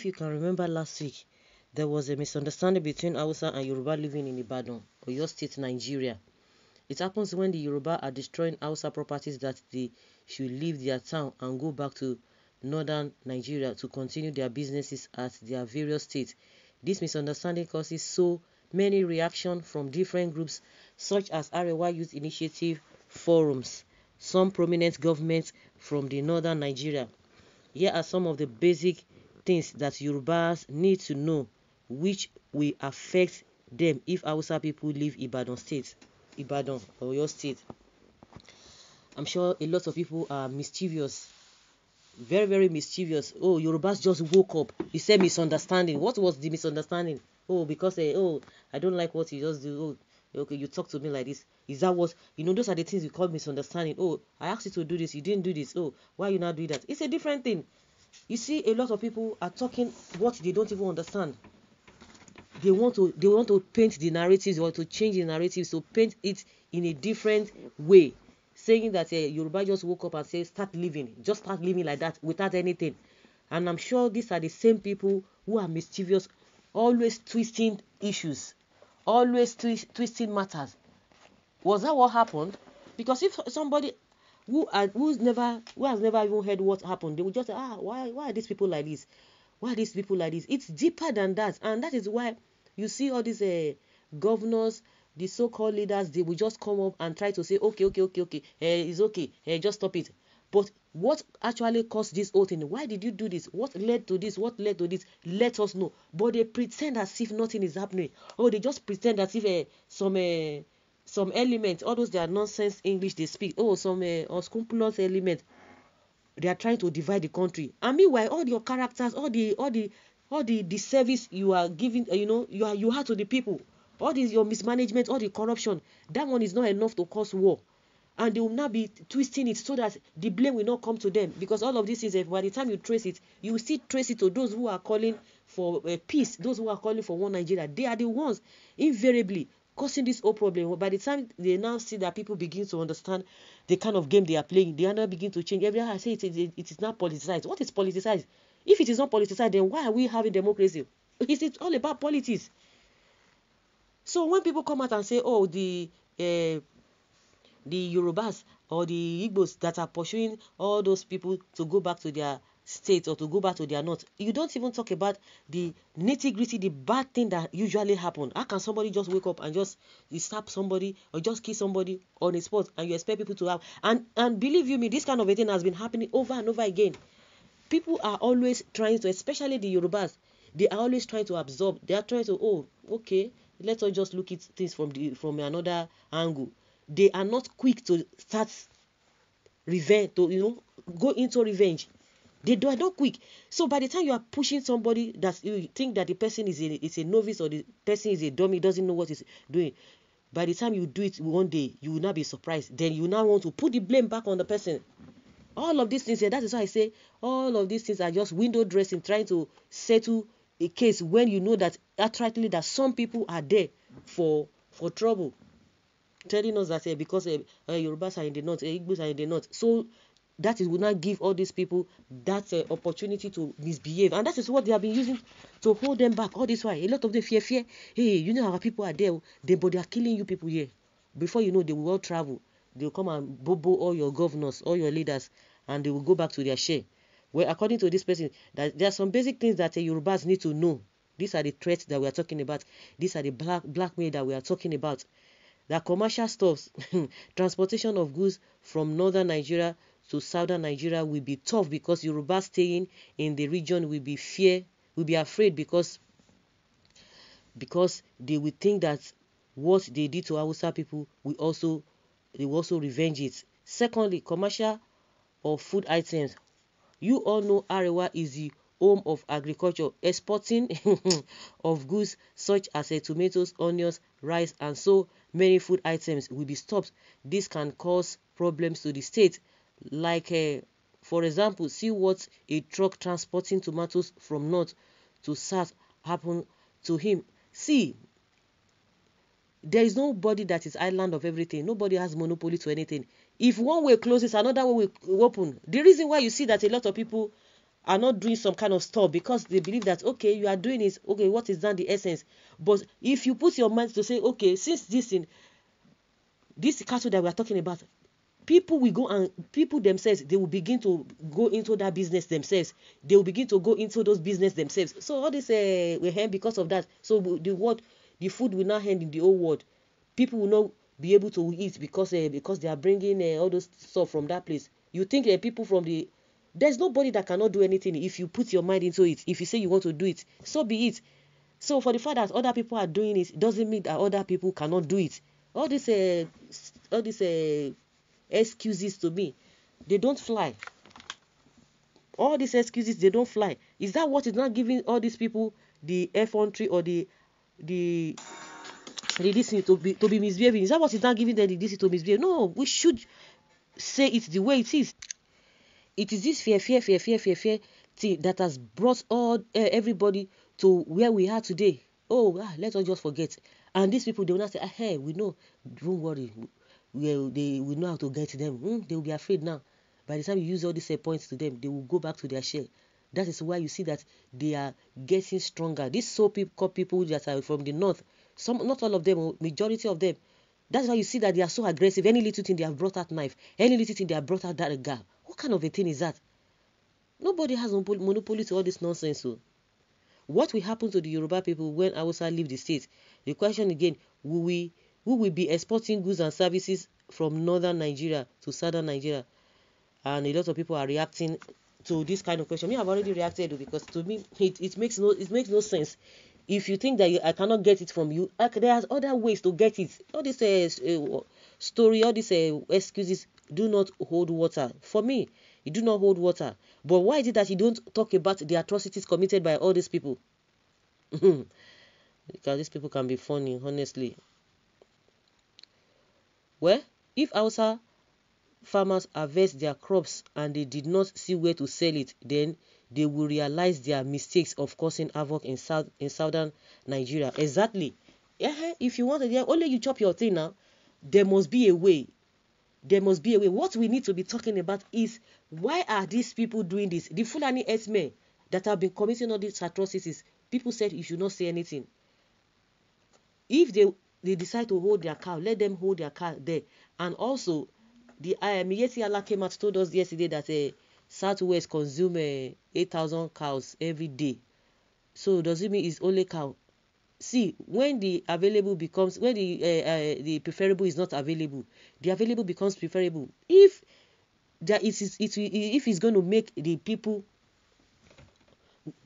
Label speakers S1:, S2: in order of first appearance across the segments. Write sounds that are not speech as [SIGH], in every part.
S1: if you can remember last week, there was a misunderstanding between Hausa and Yoruba living in Ibadan, Oyo State, Nigeria. It happens when the Yoruba are destroying Hausa properties that they should leave their town and go back to northern Nigeria to continue their businesses at their various states. This misunderstanding causes so many reactions from different groups such as Arewa Youth Initiative forums, some prominent governments from the northern Nigeria. Here are some of the basic things that Yorubas need to know which will affect them if Hausa people leave Ibadan state, Ibadan or your state. I'm sure a lot of people are mischievous, very, very mischievous. Oh, Yorubas just woke up. You said misunderstanding. What was the misunderstanding? Oh, because, uh, oh, I don't like what you just do. Oh, okay, you talk to me like this. Is that what, you know, those are the things you call misunderstanding. Oh, I asked you to do this. You didn't do this. Oh, why you not doing that? It's a different thing. You see, a lot of people are talking what they don't even understand. They want to they want to paint the narratives or to change the narratives to paint it in a different way, saying that uh, Yoruba just woke up and say "Start living, just start living like that without anything." And I'm sure these are the same people who are mischievous, always twisting issues, always twi- twisting matters. Was that what happened? Because if somebody who are who's never who has never even heard what happened they will just say ah why why are these people like this why are these people like this it's deeper than that and that is why you see all these uh, governors the so-called leaders they will just come up and try to say okay okay okay okay eh, it's okay eh, just stop it but what actually caused this whole thing why did you do this what led to this what led to this let us know but they pretend as if nothing is happening or oh, they just pretend as if uh, some uh, some elements, all those their nonsense English they speak, oh, some uh, unscrupulous element. They are trying to divide the country. And meanwhile, all your characters, all the all the all the, disservice service you are giving, eh, you know, you are you have to the people, all this your mismanagement, all the corruption, that one is not enough to cause war. And they will not be twisting it so that the blame will not come to them. Because all of this is, eh, by the time you trace it, you will still trace it to those who are calling for uh, peace, those who are calling for one Nigeria. They are the ones, invariably, causing this whole problem. By the time they now see that people begin to understand the kind of game they are playing, they are now begin to change. Every I say it, it, it is not politicized. What is politicized? If it is not politicized, then why are we having democracy? Is [LAUGHS] it all about politics? So when people come out and say, oh, the uh, the Yorubas or the Igbos that are pursuing all those people to go back to their State or to go back to their north. You don't even talk about the nitty gritty, the bad thing that usually happen. How can somebody just wake up and just stab somebody or just kill somebody on a spot and you expect people to have and and believe you me, this kind of a thing has been happening over and over again. People are always trying to, especially the Yorubas, they are always trying to absorb. They are trying to oh okay, let us just look at things from the from another angle. They are not quick to start revenge to you know go into revenge they, do are not quick. So by the time you are pushing somebody that you think that the person is a, is a novice or the person is a dummy, doesn't know what he's doing, by the time you do it one day, you will not be surprised. Then you now want to put the blame back on the person. All of these things here, that is why I say all of these things are just window dressing, trying to settle a case when you know that actually that some people are there for for trouble. Telling us that uh, because uh, eh, uh, eh, Yorubas are in the north, uh, Igbos are in the north. So that it would not give all these people that uh, opportunity to misbehave. And that is what they have been using to hold them back all this while. A lot of them fear, fear. Hey, you know, our people are there, oh. they, but they are killing you people here. Before you know, they will all travel. They will come and bobo all your governors, all your leaders, and they will go back to their share. Well, according to this person, that there are some basic things that uh, Yorubas need to know. These are the threats that we are talking about. These are the black blackmail that we are talking about. The commercial stuffs, [LAUGHS] transportation of goods from northern Nigeria to southern Nigeria will be tough because Yoruba staying in the region will be fear, will be afraid because because they will think that what they did to Hausa people will also they will also revenge it. Secondly, commercial or food items. You all know Arewa is the home of agriculture, exporting [LAUGHS] of goods such as uh, tomatoes, onions, rice, and so many food items will be stopped. This can cause problems to the state like uh, for example see what a truck transporting tomatoes from north to south happened to him see there is nobody that is island of everything nobody has monopoly to anything if one way closes another way will open the reason why you see that a lot of people are not doing some kind of stuff because they believe that okay you are doing this okay what is done the essence but if you put your mind to say okay since this in this cattle that we are talking about people will go and people themselves they will begin to go into that business themselves they will begin to go into those business themselves so all this uh, will end because of that so the what the food will not end in the old world people will not be able to eat because uh, because they are bringing uh, all those stuff from that place you think the eh, people from the there's nobody that cannot do anything if you put your mind into it if you say you want to do it so be it so for the fact that other people are doing it doesn't mean that other people cannot do it all this all this excuses to me. They don't fly. All these excuses, they don't fly. Is that what is not giving all these people the effrontery or the the the reason to be to be misbehaving? Is that what is not giving them the reason to misbehave? No, we should say it the way it is. It is this fear, fear, fear, fear, fear, fear thing that has brought all uh, everybody to where we are today. Oh, ah, let us just forget. And these people, they will not say, ah, hey, we know. Don't worry will they will know how to get them mm, they will be afraid now by the time you use all these points to them they will go back to their shell that is why you see that they are getting stronger these so people people that are from the north some not all of them oh, majority of them that's why you see that they are so aggressive any little thing they have brought out knife any little thing they have brought out that gun what kind of a thing is that nobody has monopoly to all this nonsense so oh. what will happen to the yoruba people when hausa leave the state the question again will we who will be exporting goods and services from northern Nigeria to southern Nigeria. And a lot of people are reacting to this kind of question. Me, I've already reacted because to me it, it makes no it makes no sense. If you think that you, I cannot get it from you, I, there's other ways to get it. All this uh, story, all these uh, excuses do not hold water. For me, it do not hold water. But why is it that you don't talk about the atrocities committed by all these people? [LAUGHS] because these people can be funny, honestly. Well, if Hausa farmers harvest their crops and they did not see where to sell it, then they will realize their mistakes of causing havoc in south in southern Nigeria. Exactly. Yeah, eh, if you want to, yeah, only you chop your thing now. There must be a way. There must be a way. What we need to be talking about is why are these people doing this? The Fulani men that have been committing all these atrocities, people said you should not say anything. If they they decide to hold their cow, let them hold their cow there. And also, the um, Yeti Allah came out told us yesterday that uh, Southwest consume uh, 8,000 cows every day. So does it mean it's only cow? See, when the available becomes, when the uh, uh, the preferable is not available, the available becomes preferable. If that it is, it, if it's going to make the people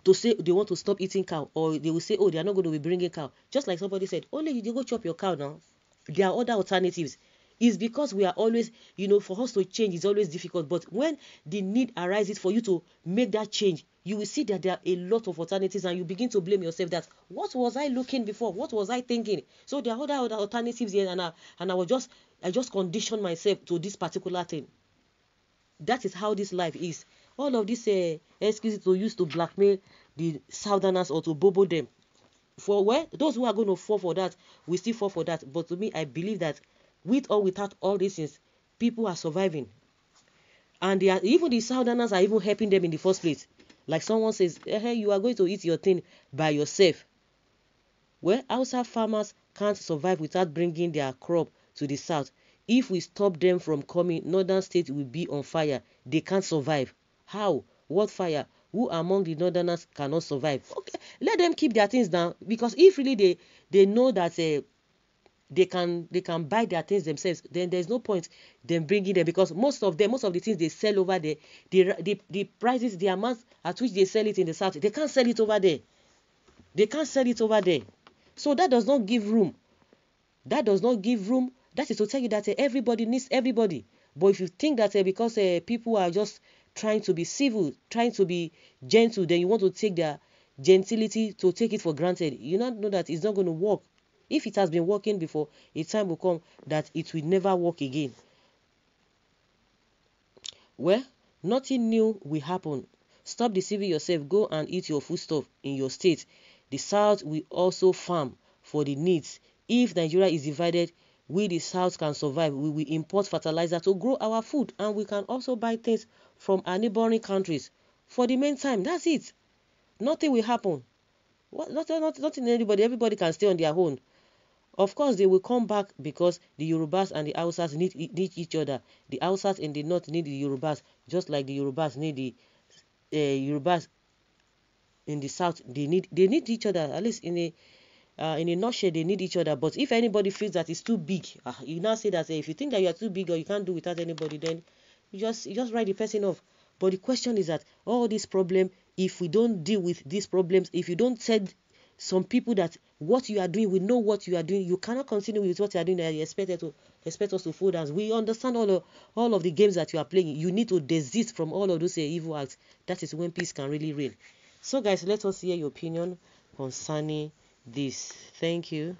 S1: to say they want to stop eating cow or they will say oh they are not going to be bringing cow just like somebody said only oh, you go chop your cow now there are other alternatives it's because we are always you know for us to change is always difficult but when the need arises for you to make that change you will see that there are a lot of alternatives and you begin to blame yourself that what was i looking before what was i thinking so there are other, other alternatives here and I, and I was just i just conditioned myself to this particular thing that is how this life is all of these uh, excuses to use to blackmail the southerners or to bobo them. For where those who are going to fall for that we still fall for that. But to me, I believe that with or without all these things, people are surviving. And are, even the southerners are even helping them in the first place. Like someone says, hey, eh, you are going to eat your thing by yourself. Well, outside farmers can't survive without bringing their crop to the south. If we stop them from coming, northern states will be on fire. They can't survive. How? What fire? Who among the northerners cannot survive? Okay, let them keep their things down because if really they they know that uh, they can they can buy their things themselves, then there's no point them bringing them because most of them most of the things they sell over there, the the, the prices the amounts at which they sell it in the south, they can't sell it over there. They can't sell it over there. So that does not give room. That does not give room. That is to tell you that uh, everybody needs everybody. But if you think that uh, because uh, people are just trying to be civil, trying to be gentle, then you want to take their gentility to take it for granted. You not know that it's not going to work. If it has been working before, a time will come that it will never work again. Well, nothing new will happen. Stop deceiving yourself. Go and eat your foodstuff in your state. The South will also farm for the needs. If Nigeria is divided, we the south can survive we will import fertilizer to grow our food and we can also buy things from our neighboring countries for the meantime that's it nothing will happen what, not, not, nothing anybody everybody can stay on their own of course they will come back because the yorubas and the hausas need, need each other the hausas in the north need the yorubas just like the yorubas need the uh, yorubas in the south they need they need each other at least in a uh, in a nutshell, they need each other. But if anybody feels that it's too big, uh, you now say that uh, if you think that you are too big or you can't do without anybody, then you just you just write the person off. But the question is that all these problems, if we don't deal with these problems, if you don't tell some people that what you are doing, we know what you are doing, you cannot continue with what you are doing you eh, expected to expect us to fold us. We understand all of, all of the games that you are playing. You need to desist from all of those eh, evil acts. That is when peace can really reign. So, guys, let us hear your opinion concerning this. Thank you.